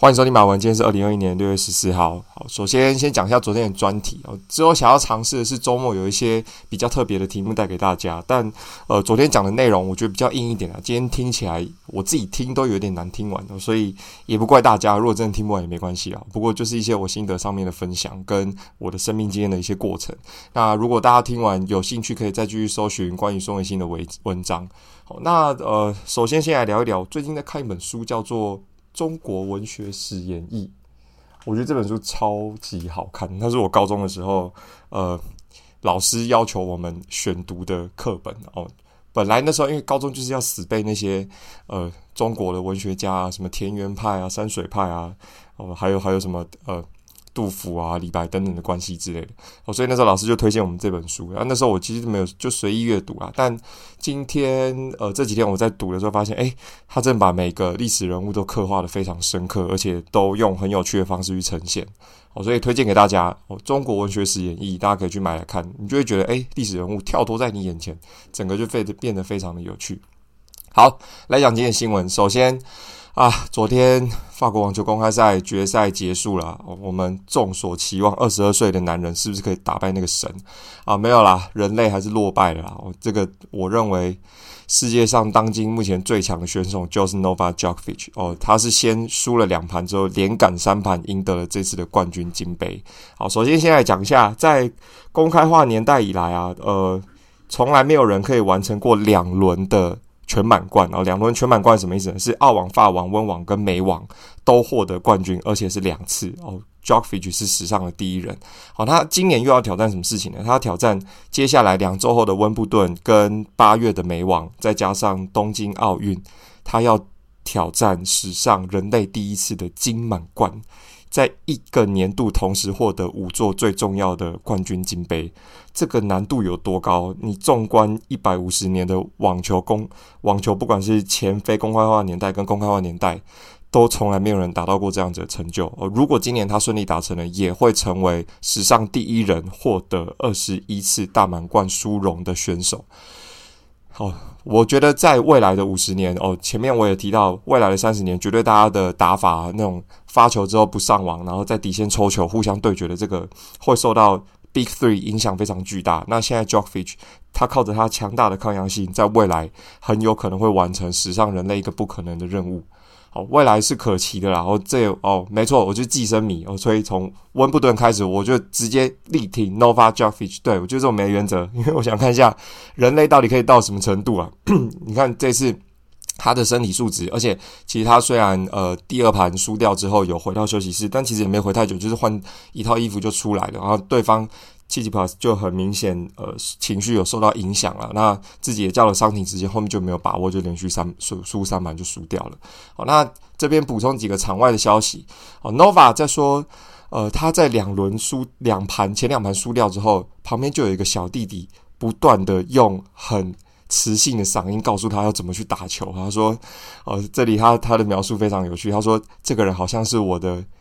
歡迎收聽馬文，今天是二零二一年六月十四號。好，首先先講一下昨天的專題哦。之後想要嘗試的是周末有一些比較特別的題目帶給大家，但呃，昨天講的內容我覺得比較硬一點啊。今天聽起來我自己聽都有點難聽完，哦，所以也不怪大家。如果真的聽不完也沒關係啊。不過就是一些我心得上面的分享，跟我的生命經驗的一些過程。那如果大家聽完有興趣，可以再繼續搜尋關於宋文欣的文文章。好，哦，那呃，首先先來聊一聊，最近在看一本書叫做。中國文學史演義，我覺得這本書超級好看。那是我高中的時候，呃，老師要求我們選讀的課本哦。本來那時候因為高中就是要死背那些呃中國的文學家啊，什麼田園派啊、山水派啊，哦、呃，還有還有什麼呃。杜甫啊，李白等等的關係之類的、哦，所以那時候老師就推薦我們這本書，然、啊、後那時候我其實沒有就隨意閱讀啊，但今天呃這幾天我在讀的時候發現，誒、欸，他正把每個歷史人物都刻畫得非常深刻，而且都用很有趣的方式去呈現，哦、所以推薦給大家、哦，《中國文學史演義》，大家可以去買來看，你就會覺得，誒、欸，歷史人物跳脫在你眼前，整個就變得變得非常的有趣。好，來講今天的新聞，首先。啊，昨天法國網球公開賽決賽結束了，啊，我們眾所期望，二十二歲的男人是不是可以打敗那個神？啊，沒有啦，人類還是落敗了啦。這個我認為世界上當今目前最強的選手就是 Novak Djokovic 哦，他是先輸了兩盤之後連趕三盤贏得了這次的冠軍金杯。好，首先先來講一下，在公開化年代以來啊，呃，從來沒有人可以完成過兩輪的。全滿貫啊！兩、哦、輪全滿貫是什麼意思呢？是澳網、法網、溫網跟美網都獲得冠軍，而且是兩次哦。Djokovic 是史上的第一人。好，哦，他今年又要挑戰什麼事情呢？他要挑戰接下來兩周後的溫布頓跟八月的美網，再加上東京奧運，他要挑戰史上人類第一次的金滿貫。在一個年度同時獲得五座最重要的冠軍金杯，這個難度有多高？你縱觀一百五十年的網球公網球，不管是前非公開化年代跟公開化年代，都從來沒有人達到過這樣子的成就。如果今年他順利達成了，也會成為史上第一人，獲得二十一次大滿貫殊榮的選手。哦，oh, 我覺得在未來的五十年，哦、oh，前面我也提到未來的三十年，絕對大家的打法，那種發球之後不上網，然後在底線抽球互相對決的這個，會受到 Big Three 影響非常巨大。那現在 Djokovic 他靠着他強大的抗壓性，在未來很有可能會完成史上人類一個不可能的任務。哦，未來是可期的啦。然、哦、後這哦，沒錯，我就是寄生米。我、哦、所以從溫布頓開始，我就直接力挺 Novak Djokovic，對，我就這種沒原則，因為我想看一下人類到底可以到什麼程度啊？ 你看這次他的身體素質，而且其實他雖然呃第二盤輸掉之後有回到休息室，但其實也沒回太久，就是換一套衣服就出來了。然後對方。七級跑就很明顯，呃，情緒有受到影響了。那自己也叫了暫停，直接後面就沒有把握，就連續三輸、輸三盤就輸掉了。好、哦，那這邊補充幾個場外的消息。哦，Nova 在說，呃，他在兩輪輸兩盤，前兩盤輸掉之後，旁邊就有一個小弟弟不斷的用很磁性的嗓音告訴他要怎麼去打球。他說，哦、呃，這裡他他的描述非常有趣。他說，這個人好像是我的。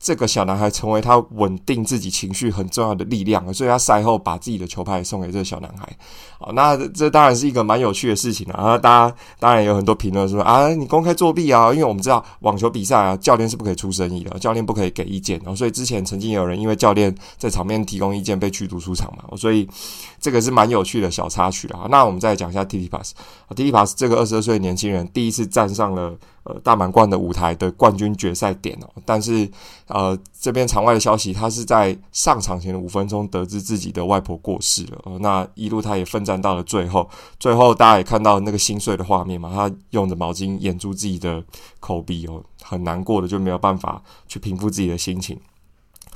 這個小男孩成為他穩定自己情緒很重要的力量，所以，他賽後把自己的球拍送給這個小男孩、哦。那這當然是一個蠻有趣的事情啊！當然大家，當然有很多評論說啊，你公開作弊啊！因為我們知道網球比賽啊，教練是不可以出聲音的，教練不可以給意見、哦、所以，之前曾經有人因為教練在場邊提供意見被驅逐出場嘛、哦。所以，這個是蠻有趣的小插曲啊。那我們再來講一下 Tsitsipas 第、哦、Tsitsipas 這個二十二歲的年輕人第一次站上了。呃，大滿貫的舞台的冠軍決賽點哦、喔，但是呃，這邊場外的消息，他是在上場前的五分鐘得知自己的外婆過世了，呃，那一路他也奮戰到了最後，最後大家也看到那個心碎的畫面嘛，他用着毛巾掩住自己的口鼻哦、喔，很難過的，就沒有辦法去平復自己的心情。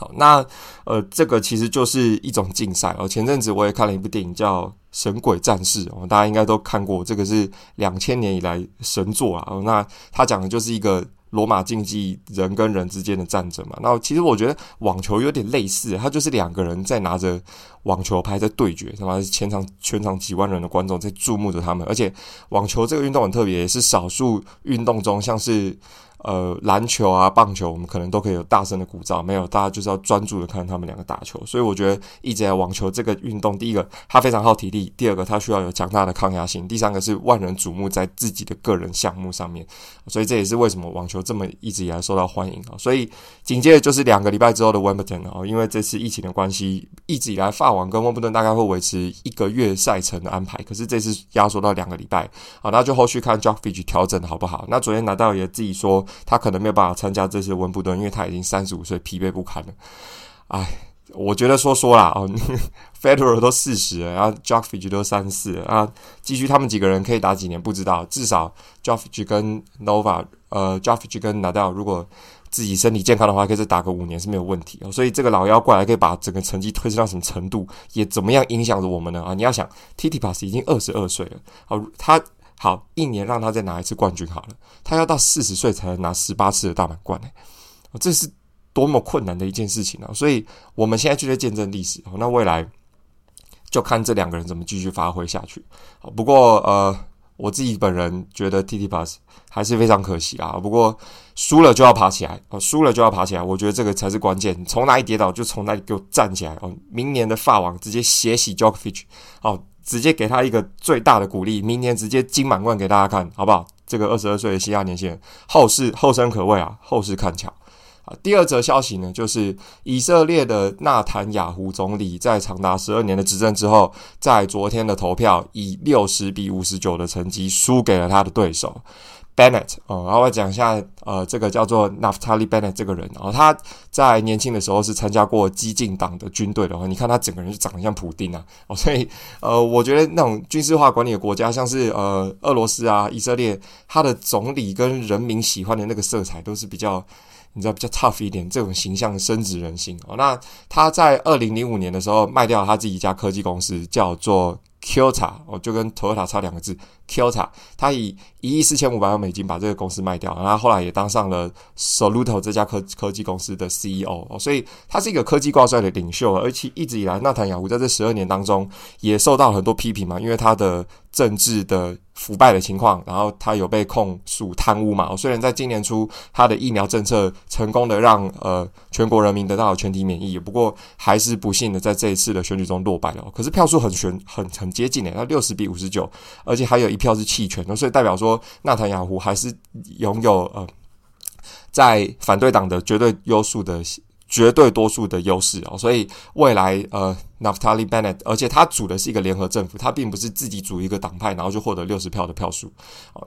好那呃，這個其實就是一種競賽哦。前陣子我也看了一部電影叫《神鬼戰士》，哦，大家應該都看過。這個是兩千年以來神作啊，哦。那他講的就是一個羅馬競技人跟人之間的戰爭嘛。那其實我覺得網球有點類似，他就是兩個人在拿着網球拍在對決，他媽全場全場幾萬人的觀眾在注目着他們。而且網球這個運動很特別，是少數運動中像是。呃，籃球啊，棒球，我們可能都可以有大聲的鼓譟，沒有，大家就是要專注的看他們兩個打球。所以我覺得，一直以來網球這個運動，第一個它非常耗體力，第二個它需要有強大的抗壓性，第三個是萬人矚目在自己的個人項目上面。所以這也是為什麼網球這麼一直以來受到歡迎啊。所以緊接着就是兩個禮拜之後的溫布頓啊，因為這次疫情的關係，一直以來法網跟溫布頓大概會維持一個月賽程的安排，可是這次壓縮到兩個禮拜。好，那就後續看 Djokovic 調整好不好？那昨天拿到也自己說，他可能沒有辦法參加這次溫布頓，因為他已經三十五歲，疲憊不堪了。唉，我覺得說說啦哦 ，Federer 都四十了，然後 Djokovic 都三十四了，啊，繼續他們幾個人可以打幾年？不知道，至少 Djokovic 跟 Nova，呃，Djokovic 跟 Nadal 如果自己身體健康的話，可以再打個五年是沒有問題哦。所以這個老妖怪還可以把整個成績推升到什麼程度，也怎麼樣影響着我們呢？啊，你要想 Tsitsipas 已經二十二歲了，哦、啊，他。好，一年讓他再拿一次冠軍好了。他要到四十歲才能拿十八次的大滿貫呢？這是多麼困難的一件事情啊！所以我們現在就在見證歷史。那未來就看這兩個人怎麼繼續發揮下去。不過呃，我自己本人覺得 T T Plus 還是非常可惜啊。不過輸了就要爬起來，哦，輸了就要爬起來。我覺得這個才是關鍵。從哪裡跌倒就從哪裡給我站起來。哦，明年的法網直接血洗 Djokovic 哦。直接給他一個最大的鼓勵，明年直接金滿貫給大家看，好不好？這個二十二歲的西亞年輕人，後世後生可畏啊！後世看巧啊。第二則消息呢，就是以色列的納坦雅胡總理在長達十二年的執政之後，在昨天的投票以六十比五十九的成績輸給了他的對手。Bennett 哦、呃，然後我講一下，呃，這個叫做 Naftali Bennett 這個人哦，他在年輕的時候是參加過激進黨的軍隊的哦。你看他整個人就長得像普丁啊哦，所以呃，我覺得那種軍事化管理的國家，像是呃俄羅斯啊、以色列，他的總理跟人民喜歡的那個色彩都是比較，你知道比較 tough 一點，這種形象的深植人心哦。那他在二零零五年的時候賣掉了他自己一家科技公司，叫做 Cyota 哦，就跟 Toyota 差兩個字。Cyota 他以一億四千五百萬美金把這個公司賣掉，然後他後來也當上了 Soluto 這家科科技公司的 CEO，所以他是一個科技掛帥的領袖。而且一直以來，納坦雅胡在這十二年當中也受到很多批評嘛，因為他的政治的腐敗的情況，然後他有被控訴貪污嘛。雖然在今年初他的疫苗政策成功的讓呃全國人民得到了全體免疫，不過還是不幸的在這一次的選舉中落敗了。可是票數很懸，很很接近呢，他六十比五十九，而且還有一。票是棄權的，所以代表說，納塔雅胡還是擁有呃，在反對黨的絕對優勢的絕對多數的優勢啊，所以未來呃。Naftali Bennett，而且他組的是一個聯合政府，他並不是自己組一個黨派，然後就獲得六十票的票數。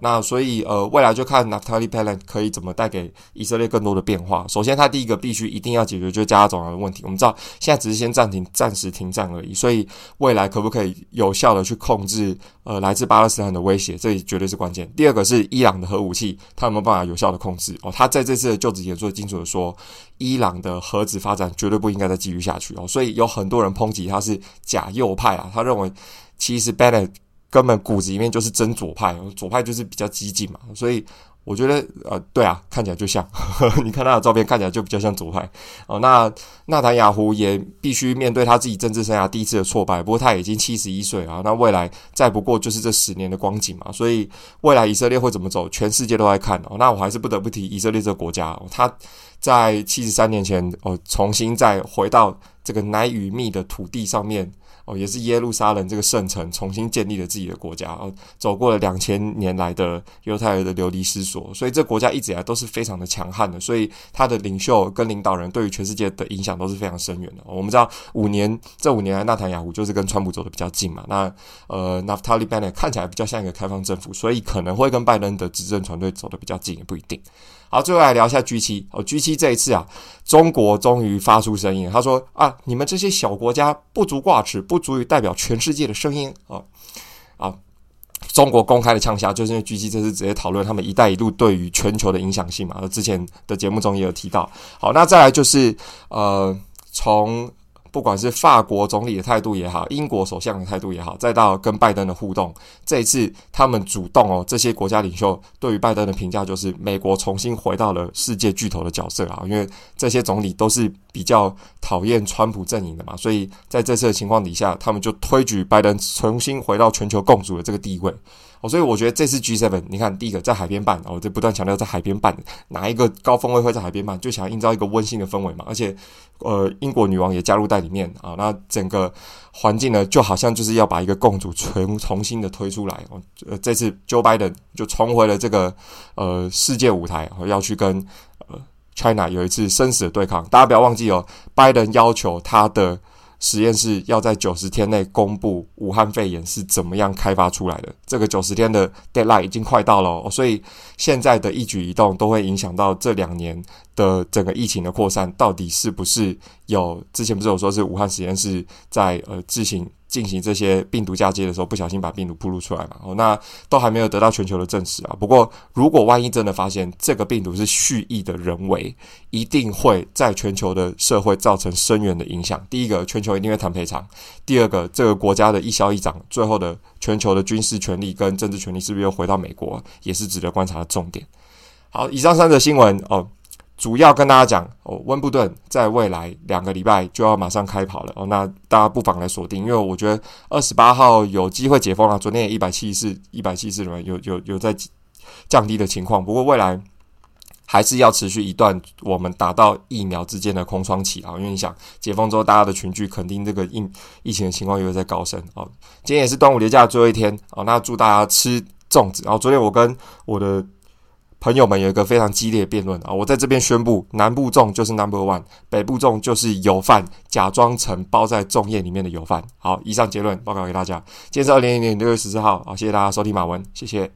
那所以呃，未來就看 Naftali Bennett 可以怎麼帶給以色列更多的變化。首先，他第一個必須一定要解決就是加沙走廊的問題。我們知道現在只是先暫停，暫時停戰而已，所以未來可不可以有效的去控制呃來自巴勒斯坦的威脅，這絕對是關鍵。第二個是伊朗的核武器，他有沒有辦法有效的控制？哦，他在這次的就職演說清楚的說，伊朗的核子發展絕對不應該再繼續下去哦。所以有很多人抨擊。他是假右派啊，他認為其實 Bennett 根本骨子裡面就是真左派，左派就是比較激進嘛，所以我覺得呃，對啊，看起來就像呵呵。你看他的照片，看起來就比較像左派哦。那納坦雅胡也必須面對他自己政治生涯第一次的挫敗，不過他已經七十一歲啊，那未來再不過就是這十年的光景嘛，所以未來以色列會怎麼走，全世界都在看哦。那我還是不得不提以色列這個國家哦，他在七十三年前哦，重新再回到。這個奶與蜜的土地上面。哦，也是耶路撒冷這個聖城重新建立了自己的國家哦、呃，走過了兩千年來的猶太人的流離失所，所以這國家一直以來都是非常的強悍的，所以他的領袖跟領導人對於全世界的影響都是非常深遠的。哦、我們知道五年這五年來，納塔雅胡，就是跟川普走的比較近嘛，那呃，納夫塔利·貝內看起來比較像一個開放政府，所以可能會跟拜登的執政團隊走的比較近也不一定。好，最後來聊一下 G 七哦，G 七這一次啊，中國終於發出聲音，他說啊，你們這些小國家不足掛齒不。不足以代表全世界的聲音啊、哦、啊！中國公開的嗆聲就是因為 G7，這次直接討論他們“一帶一路”對於全球的影響性嘛，而之前的節目中也有提到。好，那再來就是呃，從不管是法國總理的態度也好，英國首相的態度也好，再到跟拜登的互動，這一次他們主動哦，這些國家領袖對於拜登的評價就是，美國重新回到了世界巨頭的角色啊，因為這些總理都是比較討厭川普陣營的嘛，所以在這次的情況底下，他們就推舉拜登重新回到全球共主的這個地位。所以我覺得這次 G7，你看第一個在海邊辦，我、哦、就不斷強調在海邊辦，哪一個高峰會會在海邊辦？就想營造一個溫馨的氛圍嘛。而且，呃，英國女王也加入在裡面啊、哦。那整個環境呢，就好像就是要把一個共主全重新的推出來、哦。呃，這次 Joe Biden 就重回了這個呃世界舞台，哦、要去跟呃 China 有一次生死的對抗。大家不要忘記哦，拜登要求他的。實驗室要在九十天內公佈武漢肺炎是怎麼樣開發出來的。這個九十天的 deadline 已經快到了哦，所以現在的一舉一動都會影響到這兩年的整個疫情的擴散。到底是不是有？之前不是有說是武漢實驗室在呃自行。進行這些病毒嫁接的時候，不小心把病毒暴露出來嘛？哦，那都還沒有得到全球的證實啊。不過，如果萬一真的發現這個病毒是蓄意的人為，一定會在全球的社會造成深遠的影響。第一個，全球一定會談賠償；第二個，這個國家的一消一長。最後的全球的軍事權力跟政治權力是不是又回到美國啊，也是值得觀察的重點。好，以上三則新聞哦。主要跟大家講哦，溫布頓在未來兩個禮拜就要馬上開跑了哦，那大家不妨來鎖定，因為我覺得二十八號有機會解封啊，昨天也一百七十四一百七十四裡面有有有在降低的情況，不過未來還是要持續一段我們達到疫苗之間的空窗期啊、哦，因為你想解封之後大家的群聚肯定這個疫疫情的情況又會在高升哦。今天也是端午節假的最後一天哦，那祝大家吃粽子。然、哦、後昨天我跟我的朋友們有一個非常激烈的辯論啊！我在這邊宣布，南部粽就是 Number One，北部粽就是油飯，假裝成包在粽葉裡面的油飯。好，以上結論報告給大家。今天是二零二一年六月十四號。好，謝謝大家收聽馬文，謝謝。